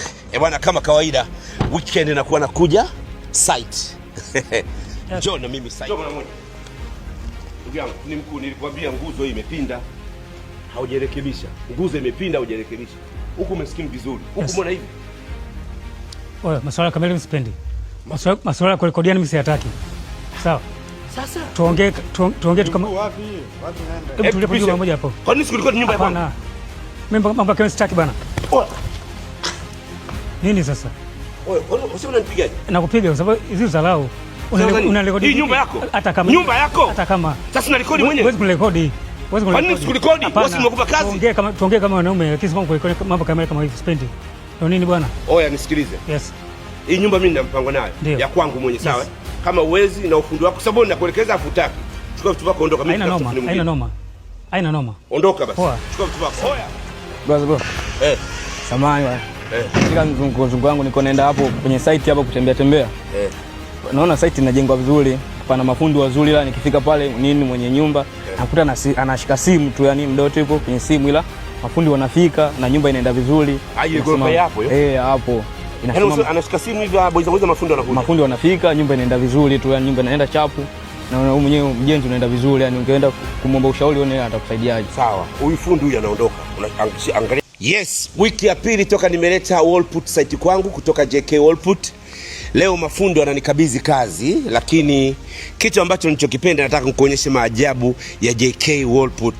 yes. Eh bwana, kama kawaida weekend nakuwa nakuja site John na mimi site. Ndugu yangu ni mkuu, nilikwambia nguzo hii imepinda, haujarekebisha. Nguzo imepinda, haujarekebisha. Huku umesikia vizuri, huku mbona hivi? Oya, masuala kamili msipendi, masuala ya kurekodiana mimi siyataki, sawa? Sasa tuongee tuongee tu kama wapi wapi, naenda hebu tulipo kwa eh, nyumba moja hapo. Kwa nini sikulikuwa nyumba hapo? Hapana, mimi mambo kama sitaki bwana nini sasa? Unanipigaje? Nakupiga kwa sababu hizi usalau unarekodi. Hii nyumba yako? Hata kama nyumba yako? Hata kama. Sasa unarekodi mwenyewe? Huwezi kurekodi. Huwezi kunirekodi. Kwani sikurekodi? Wewe umekupa kazi. Tuongee kama tuongee kama wanaume, lakini sio kurekodi mambo kama kama hivi spendi. Ndio nini bwana? Oya nisikilize. Yes. Hii nyumba mimi nina mpango nayo ya kwangu mwenyewe sawa. Yes. Kama uwezi na ufundi wako sababu ninakuelekeza afutaki. Chukua vitu vyako ondoka mimi. Haina noma. Haina noma. Haina noma. Ondoka basi. Chukua vitu vyako. Oya. Bro bro. Eh. Samahani bwana. Eh. katika eh, mzunguko wangu niko naenda hapo kwenye site hapo kutembea tembea eh, naona site inajengwa vizuri, pana mafundi wazuri, ila nikifika pale nini mwenye nyumba eh, nakuta nasi, anashika simu tu, yani mdoto yuko kwenye simu, ila mafundi wanafika na nyumba inaenda vizuri hapo ah, eh, hapo yaani anashika simu hivi, ah, mafundi wanakuja, mafundi wanafika, nyumba inaenda vizuri tu, yani nyumba inaenda chapu na wewe mwenyewe mjenzi unaenda vizuri, yani ungeenda kumwomba ushauri, one atakusaidiaje? Sawa, huyu fundi huyu anaondoka, angalia Yes, wiki ya pili toka nimeleta Wallput site kwangu kutoka JK Wallput. Leo mafundo ananikabidhi kazi, lakini kitu ambacho nilichokipenda, nataka nikuonyeshe maajabu ya JK Wallput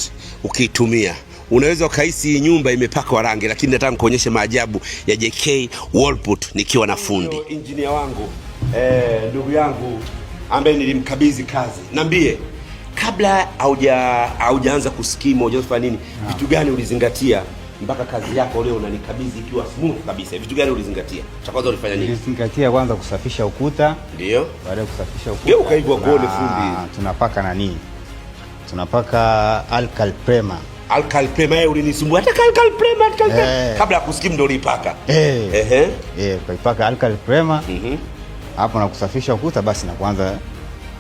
ukiitumia unaweza ukahisi nyumba imepakwa rangi, lakini nataka nikuonyeshe maajabu ya JK Wallput nikiwa na fundi engineer wangu eh, ndugu yangu ambaye nilimkabidhi kazi. Niambie, kabla haujaanza kuskimo hujafanya nini, vitu gani ulizingatia? mpaka kazi yako leo unanikabidhi ikiwa smooth kabisa. Vitu gani ulizingatia? Cha kwanza ulifanya nini? Nilizingatia kwanza kusafisha ukuta. Ndio. Baada ya kusafisha ukuta. Geuka hivyo kuone fundi. Tunapaka nani? Tunapaka alkal prema. Alkal prema yeye eh, ulinisumbua. Hata alkal prema hata eh. Kabla ya kusikim ndio ulipaka. Eh. Ehe. Eh, ukaipaka alkal prema. Mhm. Mm Hapo na kusafisha ukuta basi na kwanza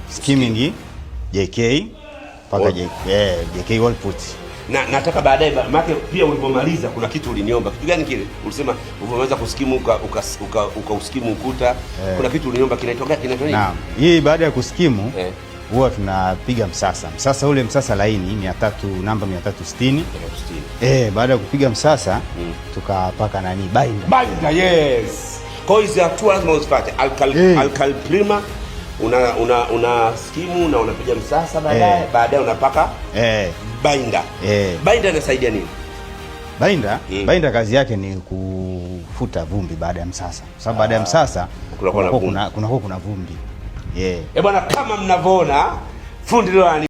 skimming JK paka JK, eh, JK wall putty na nataka baadaye make pia, ulipomaliza kuna kitu uliniomba. Kitu gani kile? Ulisema ulivyomaliza kusikimu ukausikimu uka, uka ukuta eh. Kuna kitu uliniomba kinaitwa gani, kinaitwa nini? Naam, hii baada ya kusikimu eh. huwa eh tunapiga msasa. Msasa ule msasa laini 300 namba 360 360 eh. Baada ya kupiga msasa mm, tukapaka nani, binder binder Yes, kwa hiyo hizi hatua lazima uzifuate alkal, eh, alkal prima una una, una skimu na unapiga msasa baadaye eh. Baadaye unapaka eh. Bainda eh. Bainda inasaidia nini? Bainda mm. Bainda kazi yake ni kufuta vumbi baada ya msasa, kwa sababu baada ya ah. msasa kuna kuna vumbi. Eh bwana, kama mnavyoona fundi leo